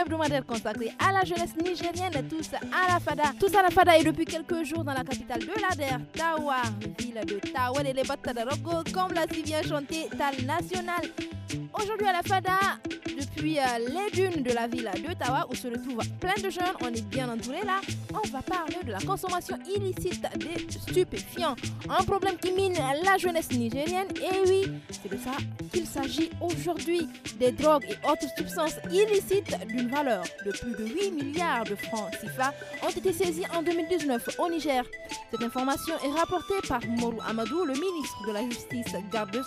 hebdomadaire consacré à la jeunesse nigérienne tous à la FADA. Tous à la FADA et depuis quelques jours dans la capitale de l'Ader, Tawa, ville de Tawa et les Rogo, comme l'a si bien chanté Tal National. Aujourd'hui à la FADA, depuis euh, les dunes de la ville d'Ottawa où se retrouvent plein de jeunes, on est bien entouré là, on va parler de la consommation illicite des stupéfiants. Un problème qui mine la jeunesse nigérienne, et oui, c'est de ça qu'il s'agit aujourd'hui. Des drogues et autres substances illicites d'une valeur de plus de 8 milliards de francs CFA ont été saisies en 2019 au Niger. Cette information est rapportée par Moru Amadou, le ministre de la Justice, garde de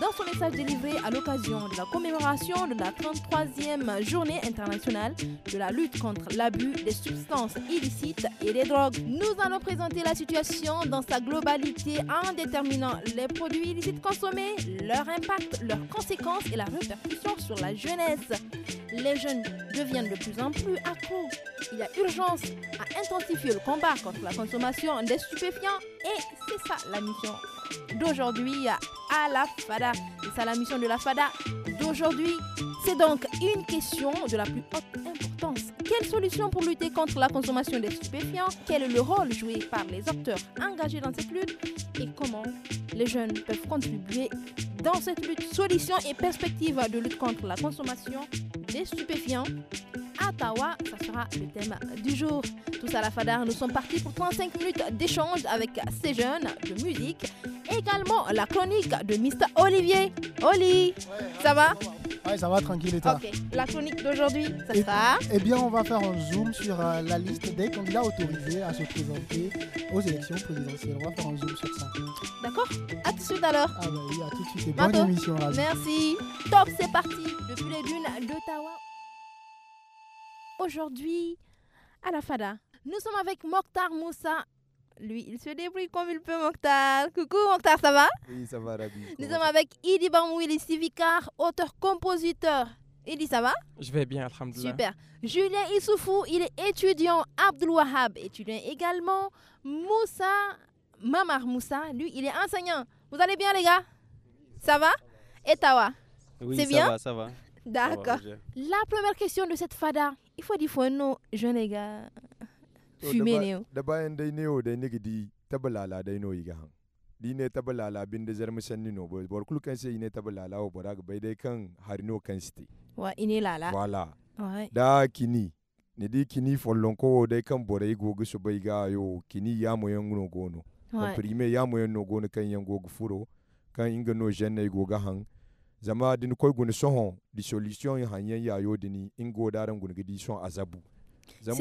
dans son message délivré à l'occasion de la commémoration de la 33e journée internationale de la lutte contre l'abus des substances illicites et des drogues. Nous allons présenter la situation dans sa globalité en déterminant les produits illicites consommés, leur impact, leurs conséquences et la répercussion sur la jeunesse. Les jeunes deviennent de plus en plus accros il y a urgence à intensifier le combat contre la consommation des stupéfiants et c'est ça la mission d'aujourd'hui à la FADA. C'est ça la mission de la FADA d'aujourd'hui. C'est donc une question de la plus haute importance. Quelle solution pour lutter contre la consommation des stupéfiants Quel est le rôle joué par les acteurs engagés dans cette lutte Et comment les jeunes peuvent contribuer dans cette lutte solution et perspective de lutte contre la consommation des stupéfiants Atawa. Ça sera le thème du jour. Tous à la Fadar, nous sommes partis pour 35 minutes d'échange avec ces jeunes de musique. Également la chronique de Mr. Olivier. Oli, ça va Oui, ça va, tranquille et toi La chronique d'aujourd'hui, ça sera Eh bien, on va faire un zoom sur euh, la liste des candidats autorisés à se présenter aux élections présidentielles. On va faire un zoom sur ça. D'accord À tout de suite alors. Ah bah oui, à tout de suite. Et bonne émission. Merci. Top, c'est parti. Depuis les dunes d'Ottawa aujourd'hui à la FADA. Nous sommes avec Mokhtar Moussa. Lui, il se débrouille comme il peut, Mokhtar. Coucou Mokhtar, ça va Oui, ça va, Rabi. Nous sommes avec Idi est Civicar, auteur-compositeur. Idi, ça va Je vais bien, alhamdoulilah. Super. Julien Issoufou, il est étudiant. Abdul Wahab, étudiant également. Moussa, Mamar Moussa, lui, il est enseignant. Vous allez bien, les gars Ça va Et Tawa oui, C'est bien va, ça va. D'accord. La première question de cette fada, ifo di fo no jeune ga fume ne yo da bayan dai di tabalala dai no yiga di ne tabalala bin des armes no bo bor kul kan sai tabalala wo bora ga bai kan harino kan siti wa ine lala wala da kini ne di kini follon ko dai kan bora go go so ga yo kini ya mo no gono comprime ya mo no gono kan yan furo kan inga no jeune ne ga han zama din koy solution hanyen ya Yodini, ingo daran son azabu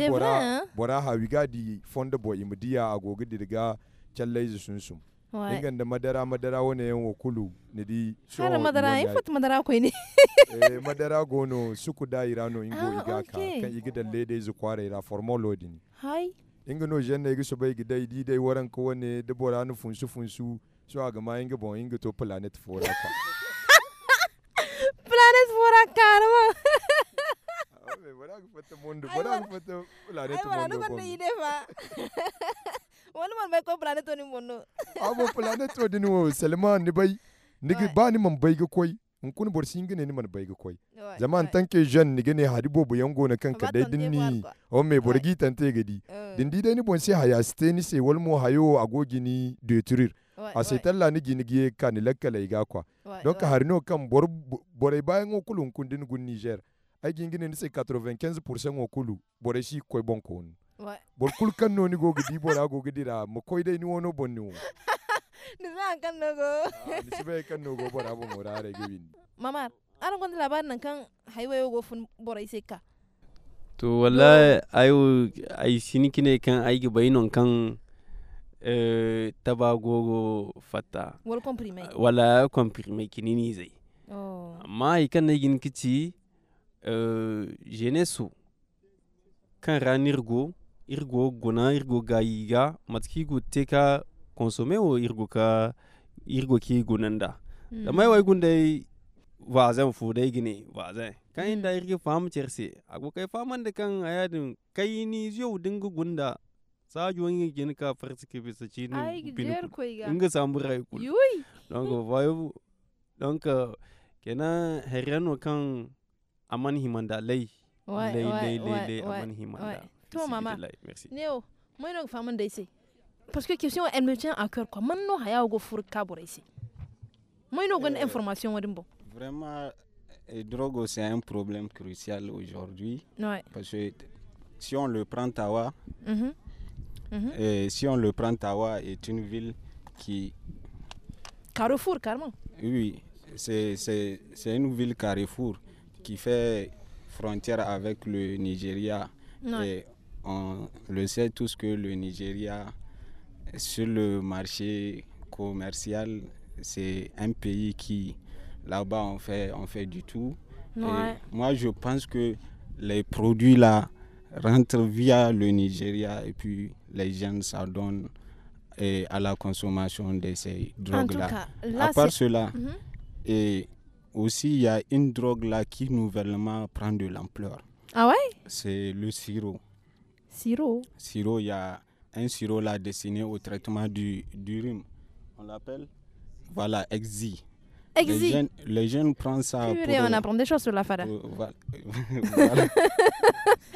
bora hein? bora ha wiga di fonda bo imdiya agogi dirga challai sunsun ingan da madara madara yan wakulu ne di so har madara in madara koy ne eh, madara gono suku da irano ingo ah, iga ka kan get da lede zu kware ira formal loading hai Ingo no jenna igi so bai gidai di dai waran ko bon to planet for me bara ku fata mondu bara ku fata ulare tu mondu ko ni ne fa wonu man mai ko planet ni mondu abo planet to dinu salman ni bai nigi ba ni man bai ga koi in kun bor singi ne ni man bai ga koi zaman tanke Jeune ni gene hadi bobu yango na kanka dai dinni o me borgi tante gadi dindi dai ni bon sai hayaste ni sai walmo hayo agogi ni deturir a sai ah, talla ni gini giye ka ni lakkala iga kwa don ka n'o kan borai bayan okulun kundin gun niger aigin gine ni se 95% wo kulu bore shi koy bon ko bor kul kan no ni gogi di bora gogi di da mo koy dai ni wono bonni wo ni za kan no go ah, ni sibe kan no go bora bo mora re gibin mama an gonda labarin nan kan haiwa yo gofun bora sai ka to wallahi ayo ai sini kine kan aigi bainon kan eh, taba gogo fatta. wala comprimé wala comprimé kinini zai oh. amma ikan na gin kici Eh, jenesu kan rani irgo irgo gona irgo ga matki go te ka o irgo ka irgo ki gunanda da mm. mai wai gundai wazan dai gine wazan kan inda mm. irge famu cerse ago kai faman da kan ayadin kai ni zo dinga gunda sajo yin gin ka farsi ke bisa ci ni bin inga samu rai kul donc ka donc kenan herano kan aman himanda lay ouais, lay ouais, lay ouais, lay aman himanda toi maman merci néo moi non femme d'ici parce que question elle me tient à cœur quoi man no haya go fur kabor ici moi non gon euh, information wadimbo vraiment les euh, drogues c'est un problème crucial aujourd'hui ouais. parce que si on le prend Tawa mm -hmm. Mm -hmm. Et euh, si on le prend, Tawa est une ville qui. Carrefour, carrément. Oui, c'est une ville carrefour qui fait frontière avec le Nigeria. Et on le sait tous que le Nigeria, sur le marché commercial, c'est un pays qui, là-bas, on fait, on fait du tout. moi, je pense que les produits là rentrent via le Nigeria et puis les jeunes s'adonnent à la consommation de ces drogues-là. À part cela, mhm. et aussi, il y a une drogue là qui nouvellement prend de l'ampleur. Ah ouais C'est le sirop. Sirop Sirop, il y a un sirop là destiné au traitement du, du rhume. On l'appelle Voilà, Exi. Les jeunes, prennent ça. pour on apprend des choses sur la fada. Euh,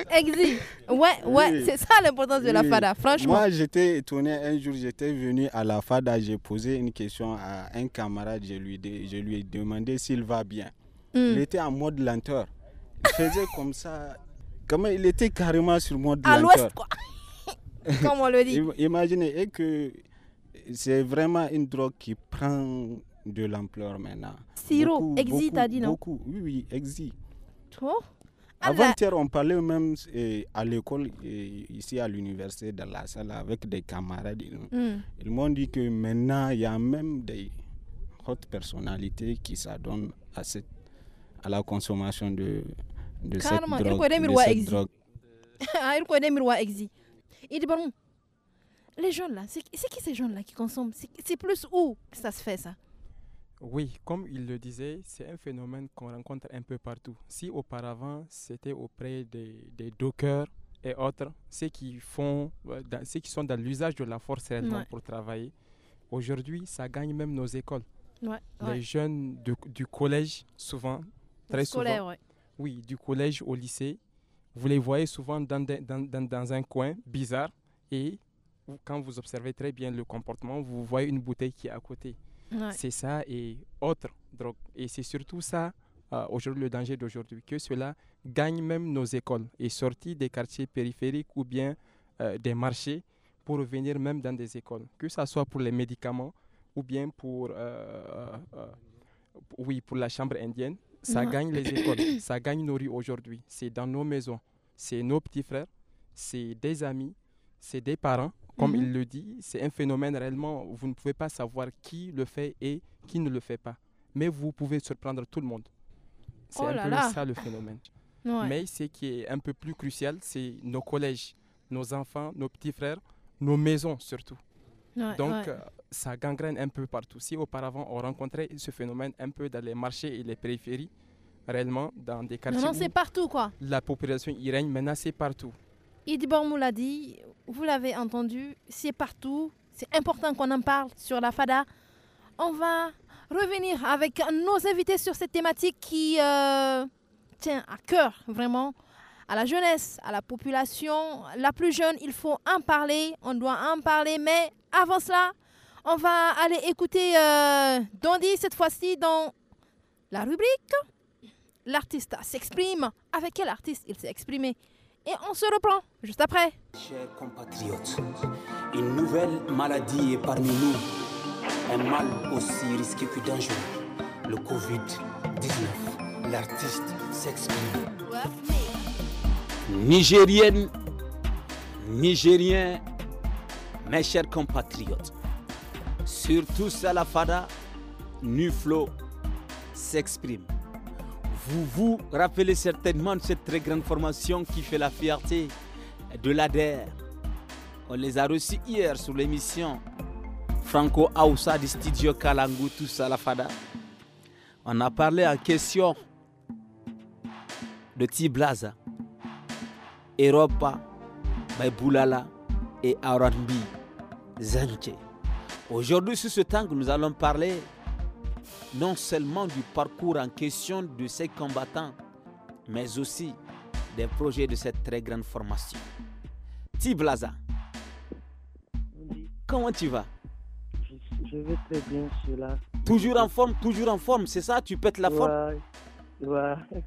ouais, ouais, c'est ça l'importance de la fada, franchement. Moi, j'étais étonné un jour, j'étais venu à la fada, j'ai posé une question à un camarade, je lui, je lui ai demandé s'il va bien. Hmm. Il était en mode lenteur. Il faisait comme ça. Comment il était carrément sur mode lenteur. À l'ouest, quoi. comme on le dit. Imaginez que c'est vraiment une drogue qui prend de l'ampleur maintenant. Siro, exit, t'as dit non Beaucoup, oui, oui, exit. Toi? Ah, Avant-hier, on parlait même eh, à l'école, eh, ici à l'université, dans la salle, avec des camarades. Hmm. Ils m'ont dit que maintenant, il y a même des hautes personnalités qui s'adonnent à, cette, à la consommation de, de cette drogue. Il drogue. Les jeunes là, c'est qui ces jeunes là qui consomment C'est plus où que ça se fait ça oui, comme il le disait, c'est un phénomène qu'on rencontre un peu partout. Si auparavant c'était auprès des, dockers et autres, ceux qui, font, euh, qui sont dans l'usage de la force réellement pour travailler, aujourd'hui ça gagne même nos écoles. Les jeunes du collège, souvent, très souvent. Oui, du collège au lycée, vous les voyez souvent dans, un coin bizarre et quand vous observez très bien le comportement, vous voyez une bouteille qui est à côté. C'est ça et autres drogues. Et c'est surtout ça, euh, aujourd'hui, le danger d'aujourd'hui, que cela gagne même nos écoles et sortie des quartiers périphériques ou bien euh, des marchés pour venir même dans des écoles, que ce soit pour les médicaments ou bien pour, euh, oui, pour la chambre indienne. Ça gagne les écoles, ça gagne nos rues aujourd'hui. C'est dans nos maisons, c'est nos petits frères, c'est des amis, c'est des parents comme mhm. il le dit, c'est un phénomène réellement, vous ne pouvez pas savoir qui le fait et qui ne le fait pas. Mais vous pouvez surprendre tout le monde. C'est oh un peu ça le phénomène. Mais ce qui est un peu plus crucial, c'est nos collèges, nos enfants, nos petits frères, nos maisons surtout. Donc, euh, ça gangrène un peu partout. Si auparavant, on rencontrait ce phénomène un peu dans les marchés et les périphéries, réellement, dans des quartiers. Maintenant, c'est partout, quoi. La population y règne, maintenant, partout. Idibor Mouladi, dit, vous l'avez entendu, c'est partout. C'est important qu'on en parle sur la FADA. On va revenir avec nos invités sur cette thématique qui euh, tient à cœur vraiment à la jeunesse, à la population, la plus jeune. Il faut en parler, on doit en parler. Mais avant cela, on va aller écouter euh, Dandy cette fois-ci dans la rubrique. L'artiste s'exprime. Avec quel artiste il s'est exprimé et on se reprend juste après. Chers compatriotes, une nouvelle maladie est parmi nous. Un mal aussi risqué que dangereux. Le Covid-19. L'artiste s'exprime. Nigérienne, Nigérien, mes chers compatriotes, surtout Salafada, Nuflo s'exprime. Vous vous rappelez certainement de cette très grande formation qui fait la fierté de l'ADER. On les a reçus hier sur l'émission Franco Aoussa du studio Kalangu, Fada. On a parlé en question de Tiblaza, Europa, Baiboulala et Aranbi, Zanche. Aujourd'hui, sur ce temps que nous allons parler non seulement du parcours en question de ces combattants, mais aussi des projets de cette très grande formation. Tiblaza, comment tu vas je, vais très bien, je Toujours en forme, toujours en forme, c'est ça Tu pètes la forme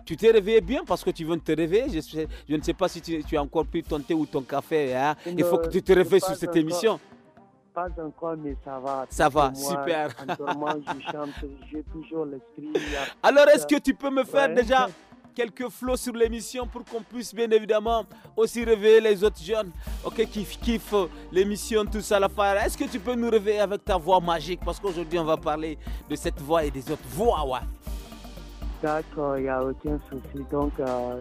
Tu t'es réveillé bien parce que tu veux te réveiller. Je, ne sais pas si tu, as encore pris ton thé ou ton café. Hein? Il faut que tu te réveilles sur cette émission encore, mais ça va. Ça va, super. Alors, est-ce que tu peux me faire déjà quelques flots sur l'émission pour qu'on puisse bien évidemment aussi réveiller les autres jeunes ok, qui kiffent l'émission tout ça la faire. Est-ce que tu peux nous réveiller avec ta voix magique Parce qu'aujourd'hui on va parler de cette voix et des autres voix. D'accord, il n'y a aucun souci. Donc euh,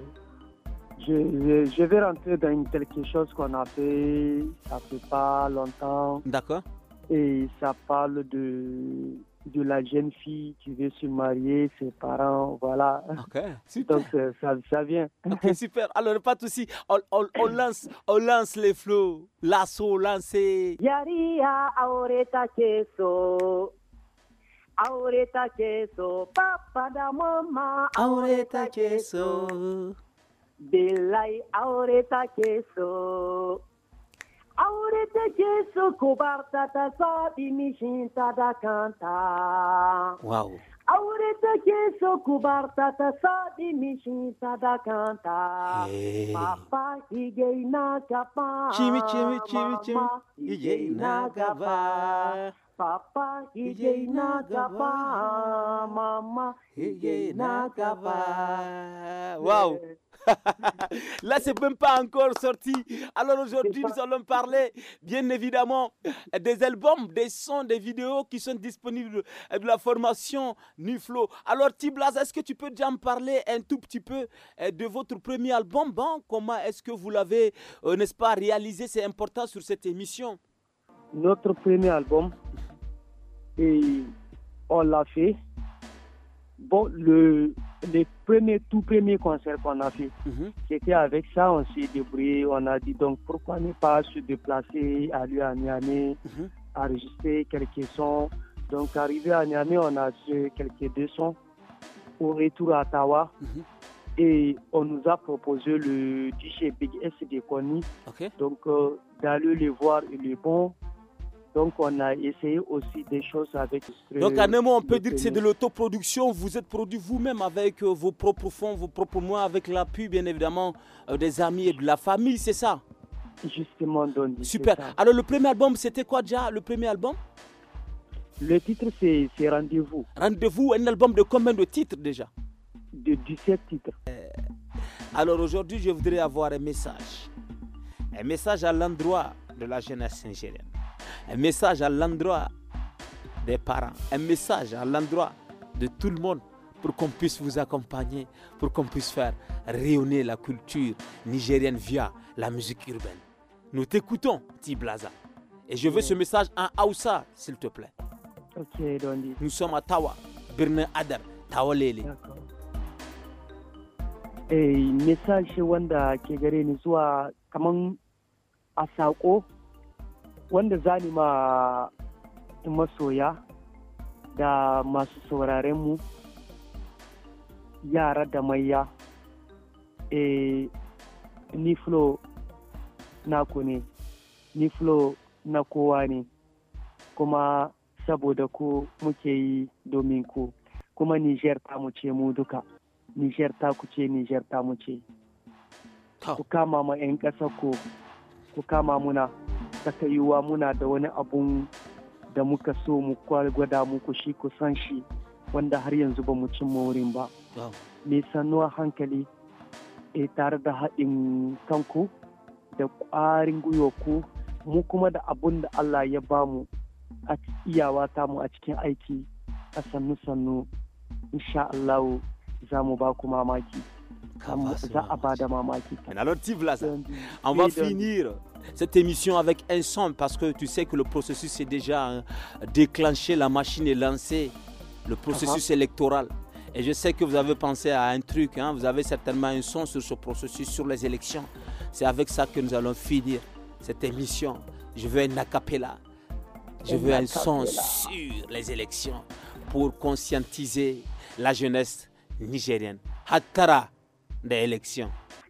je, vais rentrer dans une, quelque chose qu'on a fait, ça fait pas longtemps. D'accord. Et ça parle de, de la jeune fille qui veut se marier, ses parents, voilà. Ok, super. Donc euh, ça, vient. Ok, super. Alors, pas de souci. On, lance, les flots. L'assaut lancé. Yaria aureta Keso. Aureta Papa da maman. Aureta Keso. Belai aureta keso. Aureta keso coberta da sabi mishinta da canta. Uau. Aureta keso kubarta ta sabi mishinta da canta. Papai Papa na capa, Chimi chimi chimi chimi. Igei na capa. Papa igei na capa, Mama igei na capa. Uau. Wow. Là, c'est même pas encore sorti. Alors aujourd'hui, nous allons parler, bien évidemment, des albums, des sons, des vidéos qui sont disponibles de la formation Nuflo. Alors, Tiblas, est-ce que tu peux déjà me parler un tout petit peu eh, de votre premier album bon, hein? Comment est-ce que vous l'avez, euh, n'est-ce pas, réalisé C'est important sur cette émission. Notre premier album, et on l'a fait Bon, le, tout premier concert qu'on a fait, mhm. c'était avec ça, on s'est débrouillé, on a dit donc pourquoi ne pas se déplacer, aller à Niamey, mhm. enregistrer quelques sons. Donc, arrivé à Niamey, on a fait quelques deux sons. Au retour à Ottawa, mhm. et on nous a proposé le DJ Big S de Connie. Donc, euh, d'aller les voir, il est bon. Donc on a essayé aussi des choses avec... Donc à un mot, on peut dire que c'est de l'autoproduction. Vous êtes produit vous-même avec euh, vos propres fonds, vos propres mois, avec l'appui bien évidemment euh, des amis et de la famille, c'est ça Justement, donc, Super. Alors le premier album, c'était quoi déjà le premier album Le titre, c'est Rendez-vous. Rendez-vous, un album de combien de titres déjà De 17 titres. Euh, alors aujourd'hui, je voudrais avoir un message. Un message à l'endroit de la jeunesse nigérienne un message à l'endroit des parents, un message à l'endroit de tout le monde pour qu'on puisse vous accompagner, pour qu'on puisse faire rayonner la culture nigérienne via la musique urbaine. Nous t'écoutons, Tiblaza. Et je veux ce message en Aoussa, s'il te plaît. Nous sommes à Tawa, Birne Adar, D'accord. Et eh, message wanda ke gare kaman wanda zani ma masoya da masu sauraren mu yara da maiya e, eh, ni flow naku ne ni flow na kowa ne kuma saboda ku muke yi domin ku kuma niger ta mu ce mu duka niger ta ku ce niger ta mu ce ku kama ma 'yan ƙasa ku ku kama muna saka yiwuwa muna da wani abun da muka so mu gwada muku shi kusan shi wanda har yanzu ba mu cin wurin ba. Mai sanuwa hankali e tare da haɗin kanku da ƙwarin ku mu kuma da abun da Allah ya ba mu a iyawa ta mu a cikin aiki a sannu-sannu insha Allah za mu ba ku mamaki. Za a ba da mamaki. Eh, finir cette émission avec un son parce que tu sais que le processus est déjà hein, déclenché, la machine est lancée, le processus uh-huh. électoral. Et je sais que vous avez pensé à un truc, hein. vous avez certainement un son sur ce processus, sur les élections. C'est avec ça que nous allons finir cette émission. Je veux un acapella. Je veux un son sur les élections pour conscientiser la jeunesse nigérienne. Hattara des élections.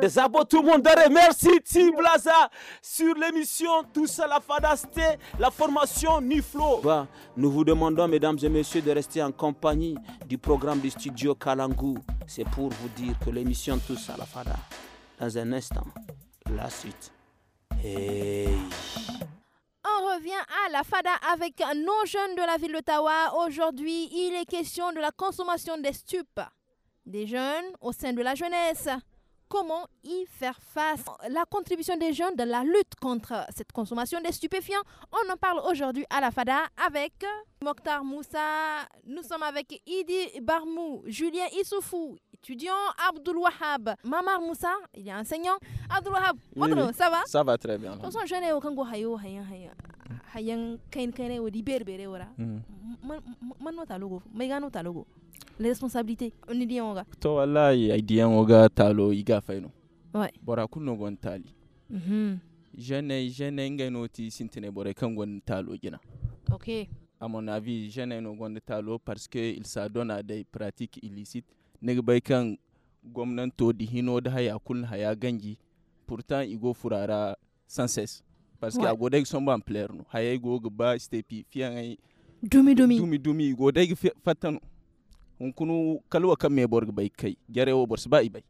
Des abos, tout le monde Merci, Tim Blaza. Sur l'émission Tous à la Fadasté, la formation Niflo. Bah, nous vous demandons, mesdames et messieurs, de rester en compagnie du programme du studio Kalangu. C'est pour vous dire que l'émission Tous à la Fada, dans un instant, la suite. Hey. On revient à la FADA avec nos jeunes de la ville d'Ottawa. Aujourd'hui, il est question de la consommation des stupes des jeunes au sein de la jeunesse. Comment y faire face La contribution des jeunes dans la lutte contre cette consommation des stupéfiants, on en parle aujourd'hui à la FADA avec Mokhtar Moussa. Nous sommes avec Idi Barmou, Julien Issoufou, étudiant, Abdul Wahab, Mamar Moussa, il est enseignant. Abdul Wahab, ça va Ça va très bien. je jeune au Kain au responsabilité on to wallahi talo iga eh, ouais bora mhm. jene jene sintene eh, gon talo gina ok à mon avis jene no gon talo parce que il s'adonne à des pratiques illicites ne bai kan to haya kun haya ganji pourtant igo furara sans cesse parce que agode plaire no stepi dumi dumi dumi dumi kunu kalwa kan me borg bai kai jarewo bors ba ba'i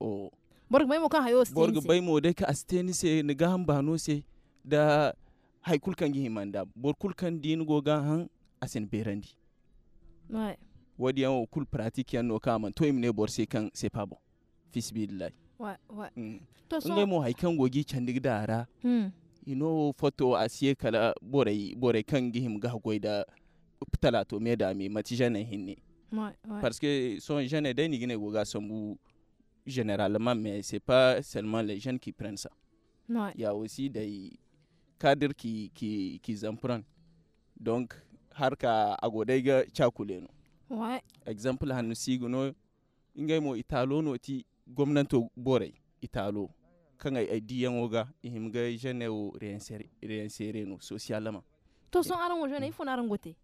o borg bai mu kan hayo stense borg bai mu dai ka se ni ga no se da hay kulkan gi da. bor kulkan din go ga han berandi mai wadi yan kul pratique yan no man to imne bor se kan se pabo bon wa wa to so ngai mo hay kan gogi candig dara hmm. you know photo asiye kala borai borai kan gi him ga goida peut me da me mati jene hinne parce que son jeune est dénigré au Gassambou généralement mais c'est pas seulement les jeunes qui prennent ça ouais. il y a aussi des cadres qui qui qui en prennent donc harka agodega chakuleno ouais exemple hanu siguno ingay mo italo no ti gomnanto bore italo kan ay diyan oga ihim ga jene o reinsere reinsere no socialement to son arango jene mm. faut arangote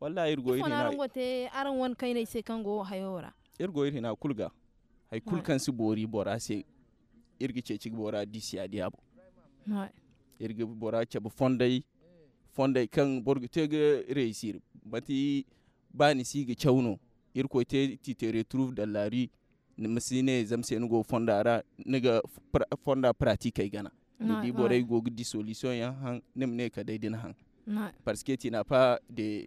wallahi irgo na ngote aran se kango na kulga hay kulkan si bori bora se irgi Il bora disi adi abo irgi bora fondai fondai kan borgo tege reisir bati bani chauno irko te ti te retrouve dans la rue masine si nous ne fonda pratique ay gana di di solution ya han ne ka dai din han parce que tu n'as pas de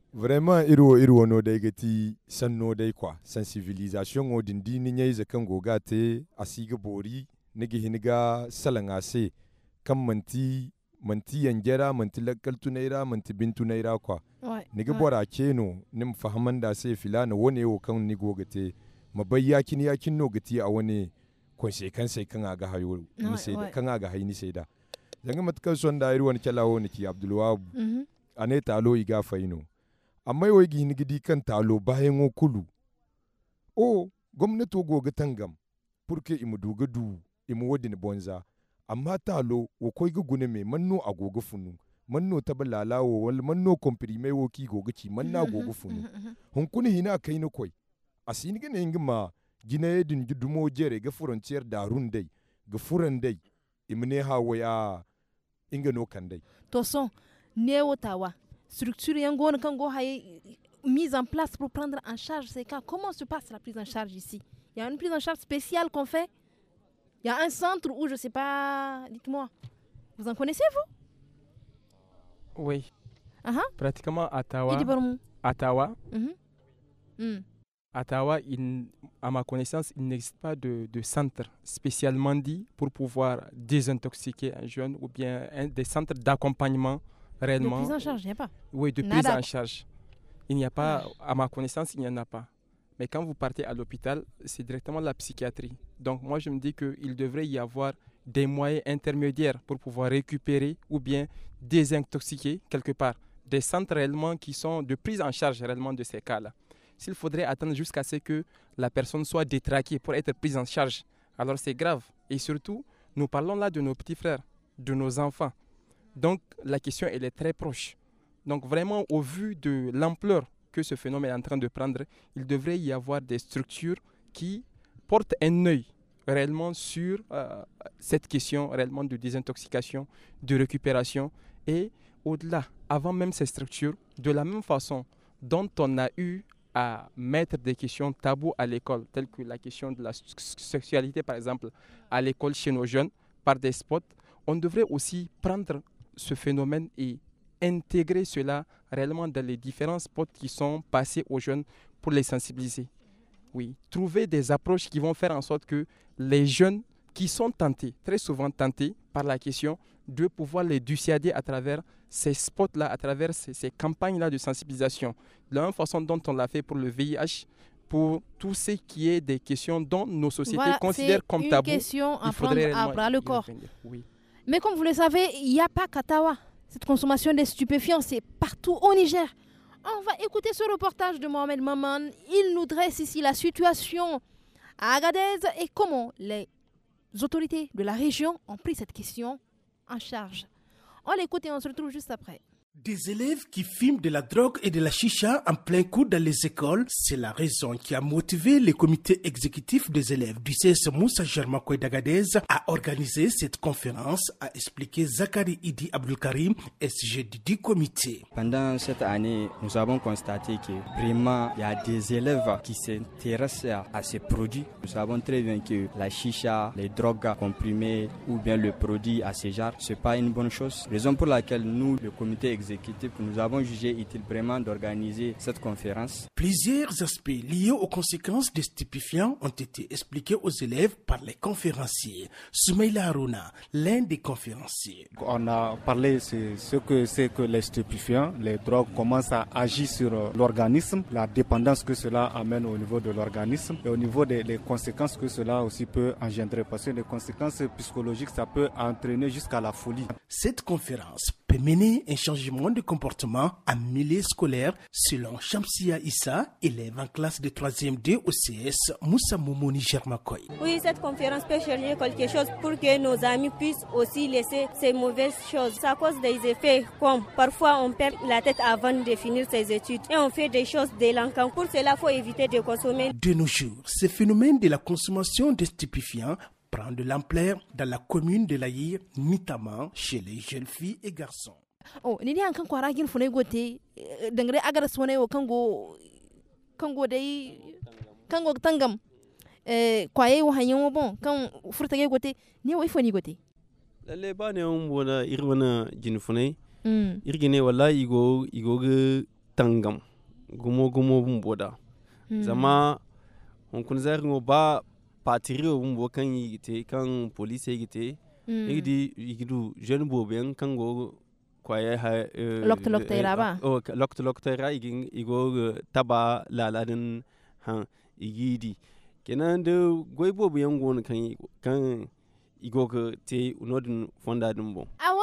vraiment iro iro no dai gati san no dai kwa sensibilisation o din dini nyai zakan goga te asiga bori nigi hinga salanga se kan manti manti yanjera manti lakkal tunaira manti bintu naira kwa nigi bora keno nim fahaman da se filana wone wo kan ni goga te mabayya kin ya kin no gati a wone kon sai kan sai kan aga hayo ni sai da kan aga hayi ni sai da yanga matkan son da wani kyalawo ni ki abdulwahab mhm. ane talo iga faino a wo gini gidi kan talo bayan okulu. kulu o gwamnati goga tangam furke imu duga du imu ni bonza amma talo wa koi ga gune mai manno a goga funu manno taba lalawo wal manno komprime mai woki goga ci manna goga funu hunkuni hina kai ni koi gina yin gima gina yedin dumo jere ga frontier darun dai ga furan dai hawa ya inga no kan dai to son ne wotawa structure yango kango mise en place pour prendre en charge ces cas. Comment se passe la prise en charge ici Il y a une prise en charge spéciale qu'on fait Il y a un centre où je ne sais pas, dites-moi, vous en connaissez vous Oui. Ah ah. Pratiquement à Tawa. À Tawa. Mhm. Hmm. À ma connaissance, il n'existe pas de, centre spécialement dit pour pouvoir désintoxiquer un jeune ou bien des centres d'accompagnement de prise en charge, il n'y a pas. Oui, de prise en charge. Il n'y a pas, à ma connaissance, il n'y en a pas. Mais quand vous partez à l'hôpital, c'est directement la psychiatrie. Donc moi, je me dis qu'il devrait y avoir des moyens intermédiaires pour pouvoir récupérer ou bien désintoxiquer quelque part. Des centres réellement qui sont de prise en charge réellement de ces cas-là. S'il faudrait attendre jusqu'à ce que la personne soit détraquée pour être prise en charge, alors c'est grave. Et surtout, nous parlons là de nos petits frères, de nos enfants. Donc la question, elle est très proche. Donc vraiment, au vu de l'ampleur que ce phénomène est en train de prendre, il devrait y avoir des structures qui portent un œil réellement sur euh, cette question réellement de désintoxication, de récupération et au-delà, avant même ces structures, de la même façon dont on a eu à mettre des questions taboues à l'école, telles que la question de la sexualité par exemple, à l'école chez nos jeunes, par des spots, on devrait aussi prendre ce phénomène et intégrer cela réellement dans les différents spots qui sont passés aux jeunes pour les sensibiliser. Oui, trouver des approches qui vont faire en sorte que les jeunes qui sont tentés, très souvent tentés par la question, de pouvoir les duciader à travers ces spots-là, à travers ces, campagnes-là de sensibilisation. De la même façon dont on l'a fait pour le VIH, pour tout ce qui est des questions dont nos sociétés considèrent comme tabou. Question à faudrait prendre à bras le corps. Oui. Mais comme vous le savez, il n'y a pas Katawa. Cette consommation des stupéfiants, c'est partout au Niger. On va écouter ce reportage de Mohamed Maman. Il nous dresse ici la situation à Agadez et comment les autorités de la région ont pris cette question en charge. On l'écoute et on se retrouve juste après. Des élèves qui fument de la drogue et de la chicha en plein cours dans les écoles, c'est la raison qui a motivé le comité exécutif des élèves du CS Moussa Germain d'Agadez à organiser cette conférence, a expliqué Zakari Idi Abdulkarim, SG du comité. Pendant cette année, nous avons constaté que vraiment il y a des élèves qui s'intéressent à ces produits. Nous savons très bien que la chicha, les drogues comprimées ou bien le produit à ce n'est pas une bonne chose. Raison pour laquelle nous, le comité nous avons jugé utile vraiment d'organiser cette conférence. Plusieurs aspects liés aux conséquences des stupéfiants ont été expliqués aux élèves par les conférenciers. Soumaïla Aruna, l'un des conférenciers. On a parlé de ce que c'est que les stupéfiants, les drogues commencent à agir sur euh, l'organisme, la dépendance que cela amène au niveau de l'organisme et au niveau des conséquences que cela aussi peut engendrer. Parce que les conséquences psychologiques, ça peut entraîner jusqu'à la folie. Cette conférence peut mener un changement de comportement à milieu scolaire, selon Shamsia Issa, élève en classe de 3e D au CS Moussa Momoni Germakoy. Oui, cette conférence peut changer quelque chose pour que nos amis puissent aussi laisser ces mauvaises choses. Ça cause des effets comme parfois on perd la tête avant de finir ses études et on fait des choses délinquantes. Pour cela, il faut éviter de consommer. De nos jours, ce phénomène de la consommation de stupéfiants prend de l'ampleur dans la commune de l'Aïr, notamment chez les jeunes filles et garçons oh ni eh, dai kan kwara eh, gin funai gote dangare agar sone o kango kango dai kango tangam eh kwaye wo wo bon kan furta ni gote ni wo ifoni gote lalle ba ne irwana jin irgine tangam gumo gumo boda zama on kun ba patirio bun kan yigite hmm. kan police yigite igidi igidu jeune bo kango avant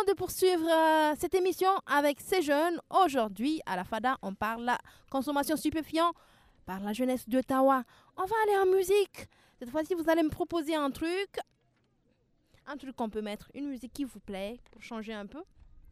de poursuivre euh, cette émission avec ces jeunes, aujourd'hui à la FADA, on parle consommation stupéfiante par la jeunesse d'Ottawa. On va aller en musique. Cette fois-ci, vous allez me proposer un truc. Un truc qu'on peut mettre, une musique qui vous plaît pour changer un peu.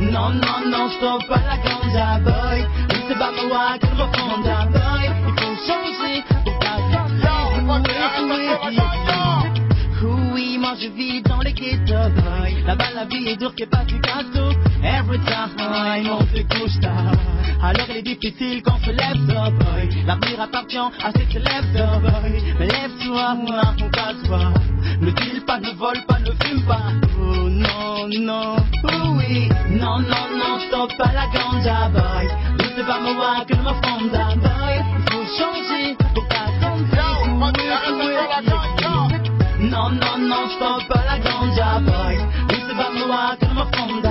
Non, non, non, stop à la ganja boy. Mais c'est pas moi que je ganja boy. Il faut changer pour ta Oui, moi je vis dans les ghettos boy. Là-bas la vie est dure, qu'est pas du gâteau. Every time on se couche tard. Alors il est difficile qu'on se lève, oh boy. L'avenir appartient à ceux qui se lèvent, oh boy. Mais lève-toi, on pas toi Ne tue pas, ne vole pas, ne fume pas. Oh non, non, oh oui. Non, non, non, stop à la ganja, boy. Ne sais pas moi que ma fonda, boy. Il faut changer, faut pas oui. Non, non, non, stop à la ganja, boy. Ne sais pas moi que ma femme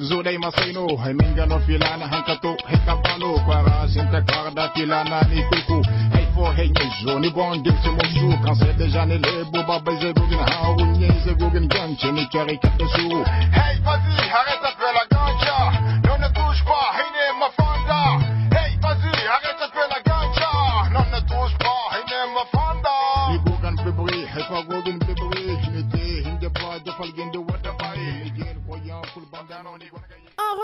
Zulay Masayno, Hemingano Filana, Hankato, Hekapano, Kwara, Sintakarda, Filana, Nikuku, Hefo, Hekizo, Nibon, Diximosu, Kansete, Janele, Boba, Bezebugin, Haounye, Zegugin, Ganchen, Ikari, Katosuru. Hey, vas-y, arrête un peu là.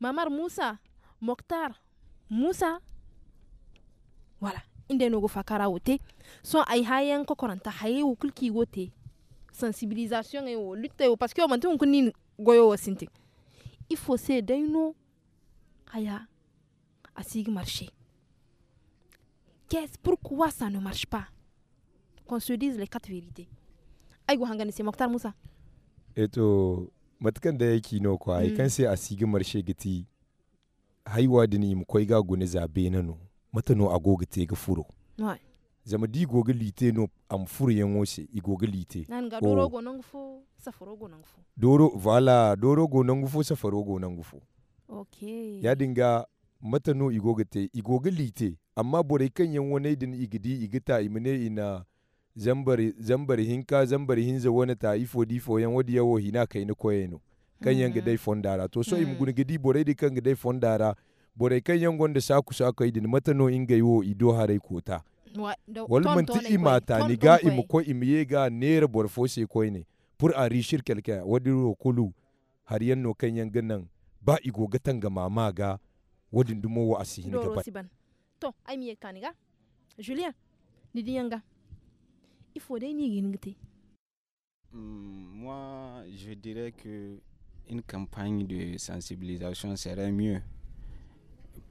mamar musa moktar musa voilà. Inde nogo fakara wote son ay hayen ko koranta haye wo kulki wote sensibilisation e wo lutte e parce que man tun goyo wo sinti il faut se dayno aya asig marché qu'est-ce pourquoi ça ne marche pas quand se dise les quatre vérités ay go hangani c'est Moussa. musa eto matakan da yake no kwa mm. kan sai a sigi marshe giti haiwa da ni mu ga gune zabe na no mata no agoga te ga furo zama di goga lite no am furo yan wose i goga lite nan ga doro oh. go nan gufo safaro go nan gufo doro vala doro go nan gufo safaro go nan gufo okay ya dinga mata no i goga te i goga lite amma bore kan yan wani din igidi igita imene ina zambar zambari hinka zambar hinza wani ta ifo difo yan wadi yawo hina kai ni koyeno kan yan gidai dai mm. fondara to so im mm. gun gidi bore di kan gidai dai fondara bore kan yan gonda saku saku mata no inga yiwo ido harai kota wal man ti imata ni ga im ko im ye ga nere bor fose koyne pur a rishir kelke wadi ro kulu har yan no kan yan gannan ba igo gatan ga mama ga wadin dumo wa asihin ga ba to ai miye kaniga julien ni diyanga il faut des hmm, Moi, je dirais que une campagne de sensibilisation serait mieux.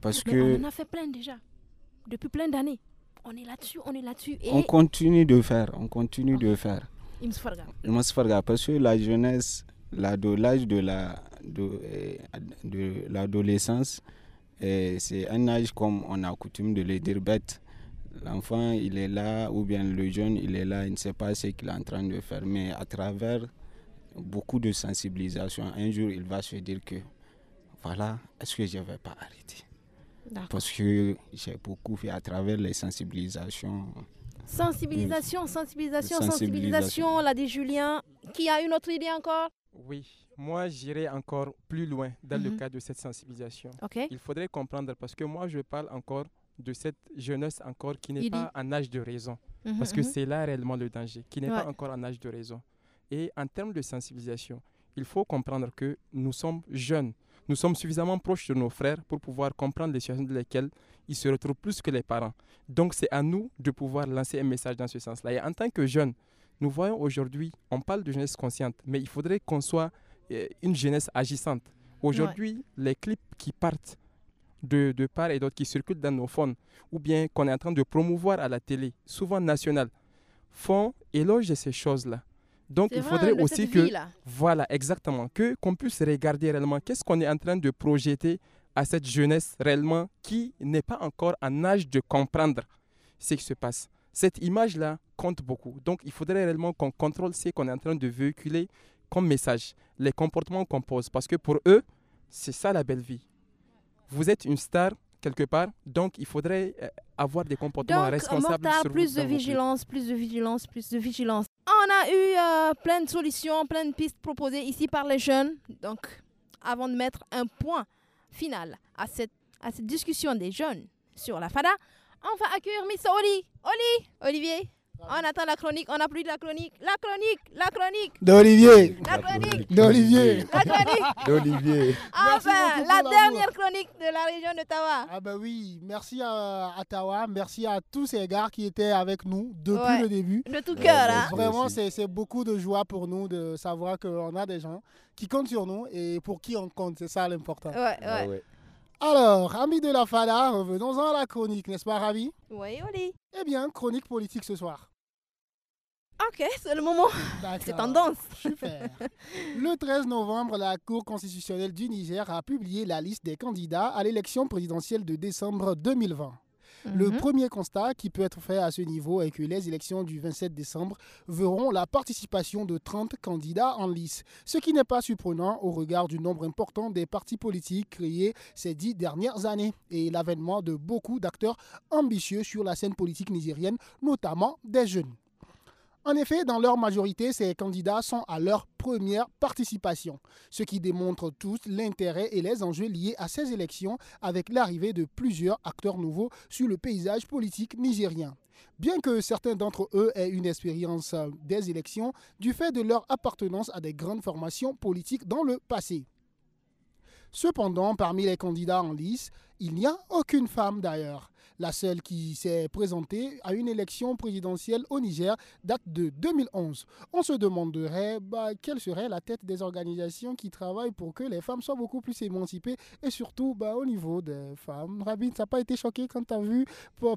Parce que. On en a fait plein déjà. Depuis plein d'années. On est là-dessus, on est là-dessus. Et... On continue de faire, on continue de ah. faire. Il me Parce que la jeunesse, l'âge de la de eh, l'adolescence, eh, c'est un âge comme on a coutume de le dire bête l'enfant il est là ou bien le jeune il est là, il ne sait pas ce qu'il est en train de faire. Mais à travers beaucoup de sensibilisation, un jour il va se dire que voilà, est-ce que je ne vais pas arrêter Parce que j'ai beaucoup fait à travers les sensibilisations. Sensibilisation, sensibilisation, sensibilisation, l'a dit Julien. Qui a une autre idée encore Oui, moi j'irai encore plus loin dans le mhm. cadre de cette sensibilisation. Ok. Il faudrait comprendre parce que moi je parle encore de cette jeunesse encore qui n'est pas en âge de raison. Mmh, parce mmh, que mmh. c'est là réellement le danger, qui n'est pas encore en âge de raison. Et en termes de sensibilisation, il faut comprendre que nous sommes jeunes. Nous sommes suffisamment proches de nos frères pour pouvoir comprendre les situations dans lesquelles ils se retrouvent plus que les parents. Donc c'est à nous de pouvoir lancer un message dans ce sens-là. Et en tant que jeunes, nous voyons aujourd'hui, on parle de jeunesse consciente, mais il faudrait qu'on soit euh, une jeunesse agissante. Aujourd'hui, les clips qui partent de, de part et d'autre qui circulent dans nos fonds ou bien qu'on est en train de promouvoir à la télé, souvent nationale, font éloge de ces choses-là. Donc, il faudrait aussi que, voilà, exactement, que qu'on puisse regarder réellement qu'est-ce qu'on est en train de projeter à cette jeunesse réellement qui n'est pas encore en âge de comprendre ce qui se passe. Cette image-là compte beaucoup. Donc, il faudrait réellement qu'on contrôle ce qu'on est en train de véhiculer comme message, les comportements qu'on pose, parce que pour eux, c'est ça la belle vie vous êtes une star quelque part, donc il faudrait euh, avoir des comportements donc, responsables. plus de vigilance, plus de vigilance, plus de vigilance. On a eu euh, plein de solutions, plein de pistes proposées ici par les jeunes. Donc, avant de mettre un point final à cette, à cette discussion des jeunes sur la FADA, on va accueillir Miss Oli. Oli, Olivier, on attend la chronique, on a plus de la chronique. La chronique, la chronique. D'Olivier. La chronique. D'Olivier. La chronique. D'Olivier. Ah, enfin, la dernière chronique de la région de Tawa. Ah ben oui, merci à, Tawa, merci à tous ces gars qui étaient avec nous depuis le début. De tout cœur. Euh, hein. Vraiment, c'est beaucoup de joie pour nous de savoir qu'on a des gens qui comptent sur nous et pour qui on compte. C'est ça l'important. ouais. ouais. Ah alors, amis de la Fada, revenons-en à la chronique, n'est-ce pas, Ravi Oui, Oli. Eh bien, chronique politique ce soir. Ok, c'est le moment. C'est tendance. Super. Le 13 novembre, la Cour constitutionnelle du Niger a publié la liste des candidats à l'élection présidentielle de décembre 2020. Le mhm. premier constat qui peut être fait à ce niveau est que les élections du 27 décembre verront la participation de 30 candidats en lice, ce qui n'est pas surprenant au regard du nombre important des partis politiques créés ces dix dernières années et l'avènement de beaucoup d'acteurs ambitieux sur la scène politique nigérienne, notamment des jeunes. En effet, dans leur majorité, ces candidats sont à leur première participation, ce qui démontre tous l'intérêt et les enjeux liés à ces élections avec l'arrivée de plusieurs acteurs nouveaux sur le paysage politique nigérien. Bien que certains d'entre eux aient une expérience euh, des élections du fait de leur appartenance à des grandes formations politiques dans le passé. Cependant, parmi les candidats en lice, il n'y a aucune femme d'ailleurs. La seule qui s'est présentée à une élection présidentielle au Niger date de 2011. On se demanderait bah, quelle serait la tête des organisations qui travaillent pour que les femmes soient beaucoup plus émancipées et surtout bah, au niveau des femmes. Rabine, ça n'a pas été choqué quand tu as vu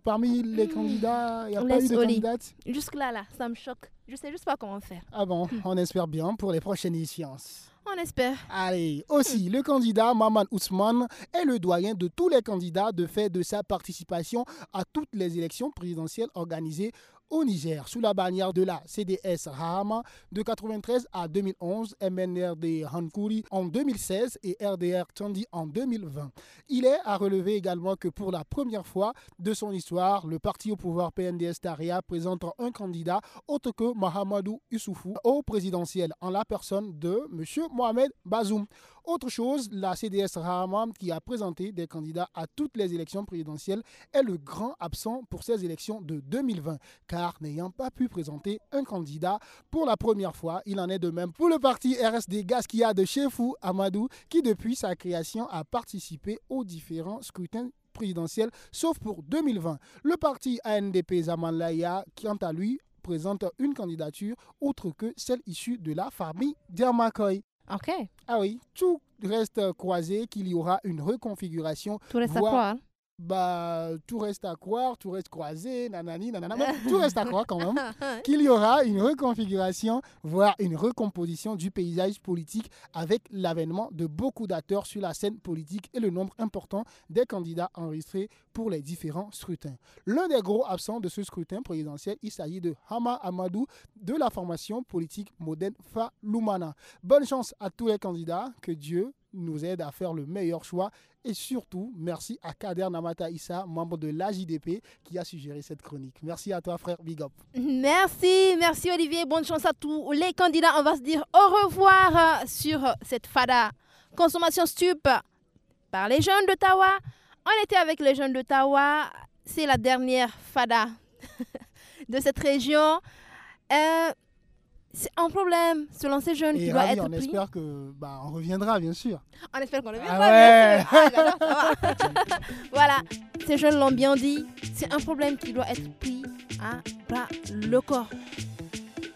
parmi les candidats, il n'y a pas eu de candidate Jusque-là, là, ça me choque. Je sais juste pas comment faire. Ah bon, hmm. on espère bien pour les prochaines échéances. On espère. Allez, aussi, le candidat Maman Ousmane est le doyen de tous les candidats de fait de sa participation à toutes les élections présidentielles organisées au Niger sous la bannière de la CDS Rahama de 1993 à 2011, MNRD Hankouri en 2016 et RDR Tchandi en 2020. Il est à relever également que pour la première fois de son histoire, le parti au pouvoir PNDS Taria présente un candidat autre que Mahamadou Issoufou au présidentiel en la personne de M. Mohamed Bazoum. Autre chose, la CDS Rahamam qui a présenté des candidats à toutes les élections présidentielles, est le grand absent pour ces élections de 2020, car n'ayant pas pu présenter un candidat pour la première fois, il en est de même pour le parti RSD Gaskia de Chefou Amadou, qui depuis sa création a participé aux différents scrutins présidentiels, sauf pour 2020. Le parti ANDP Zamanlaya, quant à lui, présente une candidature autre que celle issue de la famille Dermakoy. Ok. Ah oui, tout reste croisé qu'il y aura une reconfiguration. Tout reste à bah, tout reste à croire, tout reste croisé, nanani, nanana, tout reste à croire quand même, qu'il y aura une reconfiguration, voire une recomposition du paysage politique avec l'avènement de beaucoup d'acteurs sur la scène politique et le nombre important des candidats enregistrés pour les différents scrutins. L'un des gros absents de ce scrutin présidentiel, il s'agit de Hama Amadou de la formation politique moderne Falumana. Bonne chance à tous les candidats, que Dieu nous aide à faire le meilleur choix et surtout, merci à Kader Namata Issa, membre de l'AJDP, qui a suggéré cette chronique. Merci à toi, frère Big Merci, merci Olivier. Bonne chance à tous les candidats. On va se dire au revoir euh, sur euh, cette fada. Consommation stupe par les jeunes d'Ottawa. On était avec les jeunes d'Ottawa. C'est la dernière fada de cette région. Euh, c'est un problème, selon ces jeunes, qui doit être on espère que bah, on reviendra, bien sûr. On espère qu'on reviendra. voilà, ces jeunes l'ont bien dit. C'est un problème qui doit être pris à bras le corps.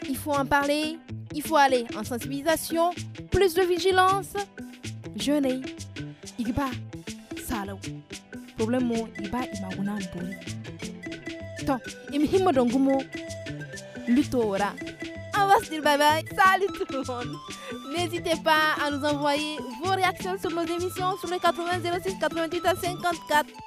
Il faut en parler. Il faut aller en sensibilisation, plus de vigilance. Jeune, igba, salo. Problème igba imaguna mburi. Tant, imhimo dongumo, lutora on va se dire bye bye. Salut tout le monde. N'hésitez pas à nous envoyer vos réactions sur nos émissions sur le 80 06 à 54.